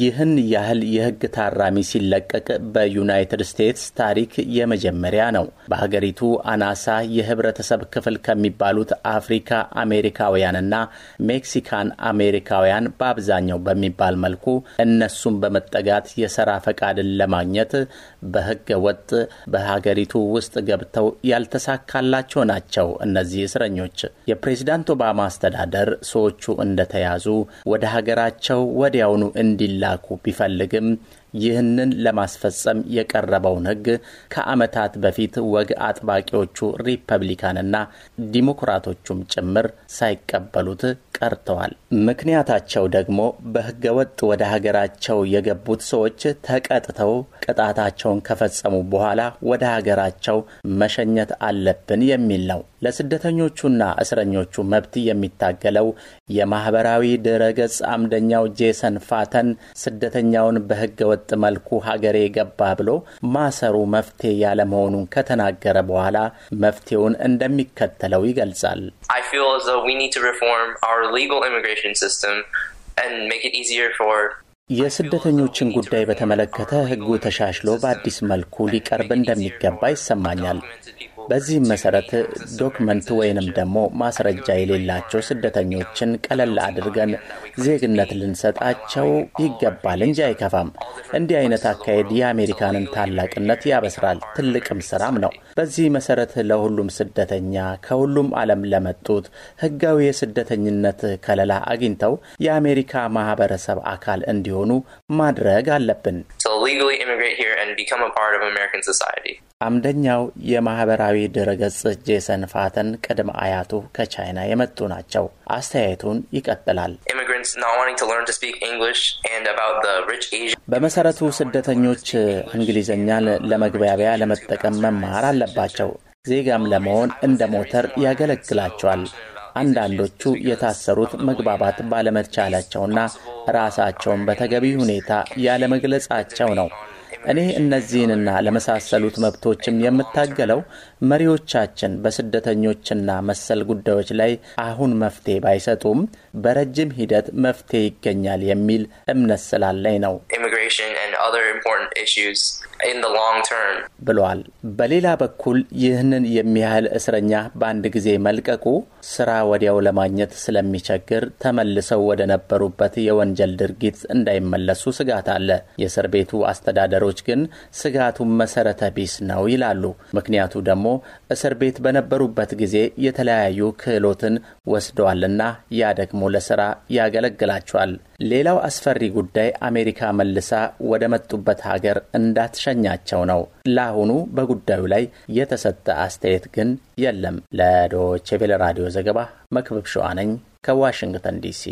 ይህን ያህል የህግ ታራሚ ሲለቀቅ በዩናይትድ ስቴትስ ታሪክ የመጀመሪያ ነው። በሀገሪቱ አናሳ የህብረተሰብ ክፍል ከሚባሉት አፍሪካ አሜሪካውያንና ሜክሲካን አሜሪካውያን በአብዛኛው በሚባል መልኩ እነሱን በመጠጋት የስራ ፈቃድን ለማግኘት በህገ ወጥ በሀገሪቱ ውስጥ ገብተው ያልተሳካላቸው ናቸው። እነዚህ እስረኞች የፕሬዚዳንት ኦባማ አስተዳደር ሰዎቹ እንደተያዙ ወደ ሀገራቸው ወዲያውኑ እንዲ ሊላኩ ቢፈልግም ይህንን ለማስፈጸም የቀረበውን ሕግ ከዓመታት በፊት ወግ አጥባቂዎቹ ሪፐብሊካንና ዲሞክራቶቹም ጭምር ሳይቀበሉት ቀርተዋል። ምክንያታቸው ደግሞ በሕገ ወጥ ወደ ሀገራቸው የገቡት ሰዎች ተቀጥተው ቅጣታቸውን ከፈጸሙ በኋላ ወደ ሀገራቸው መሸኘት አለብን የሚል ነው። ለስደተኞቹና እስረኞቹ መብት የሚታገለው የማህበራዊ ድረገጽ አምደኛው ጄሰን ፋተን ስደተኛውን በሕገ ወጥ በወጥ መልኩ ሀገሬ ገባ ብሎ ማሰሩ መፍትሄ ያለመሆኑን ከተናገረ በኋላ መፍትሄውን እንደሚከተለው ይገልጻል። የስደተኞችን ጉዳይ በተመለከተ ህጉ ተሻሽሎ በአዲስ መልኩ ሊቀርብ እንደሚገባ ይሰማኛል። በዚህም መሰረት ዶክመንት ወይንም ደግሞ ማስረጃ የሌላቸው ስደተኞችን ቀለል አድርገን ዜግነት ልንሰጣቸው ይገባል እንጂ አይከፋም። እንዲህ አይነት አካሄድ የአሜሪካንን ታላቅነት ያበስራል፣ ትልቅም ስራም ነው። በዚህ መሰረት ለሁሉም ስደተኛ ከሁሉም ዓለም ለመጡት ህጋዊ የስደተኝነት ከለላ አግኝተው የአሜሪካ ማህበረሰብ አካል እንዲሆኑ ማድረግ አለብን። illegally immigrate here and become a part of American society. አምደኛው የማህበራዊ ድረገጽ ጄሰን ፋተን ቅድመ አያቱ ከቻይና የመጡ ናቸው። አስተያየቱን ይቀጥላል። በመሰረቱ ስደተኞች እንግሊዝኛን ለመግባቢያ ለመጠቀም መማር አለባቸው። ዜጋም ለመሆን እንደ ሞተር ያገለግላቸዋል። አንዳንዶቹ የታሰሩት መግባባት ባለመቻላቸውና ራሳቸውን በተገቢ ሁኔታ ያለመግለጻቸው ነው። እኔ እነዚህንና ለመሳሰሉት መብቶችም የምታገለው መሪዎቻችን በስደተኞችና መሰል ጉዳዮች ላይ አሁን መፍትሄ ባይሰጡም በረጅም ሂደት መፍትሄ ይገኛል የሚል እምነት ስላለኝ ነው። ብለዋል። በሌላ በኩል ይህንን የሚያህል እስረኛ በአንድ ጊዜ መልቀቁ ስራ ወዲያው ለማግኘት ስለሚቸግር ተመልሰው ወደ ነበሩበት የወንጀል ድርጊት እንዳይመለሱ ስጋት አለ። የእስር ቤቱ አስተዳደሮች ግን ስጋቱን መሰረተ ቢስ ነው ይላሉ። ምክንያቱ ደግሞ እስር ቤት በነበሩበት ጊዜ የተለያዩ ክህሎትን ወስደዋልና ያ ደግሞ ለስራ ያገለግላቸዋል። ሌላው አስፈሪ ጉዳይ አሜሪካ መልሳ ወደ መጡበት ሀገር እንዳትሸኛቸው ነው። ለአሁኑ በጉዳዩ ላይ የተሰጠ አስተያየት ግን የለም። ለዶቼ ቬለ ራዲዮ ዘገባ መክበብ ሸዋነኝ ከዋሽንግተን ዲሲ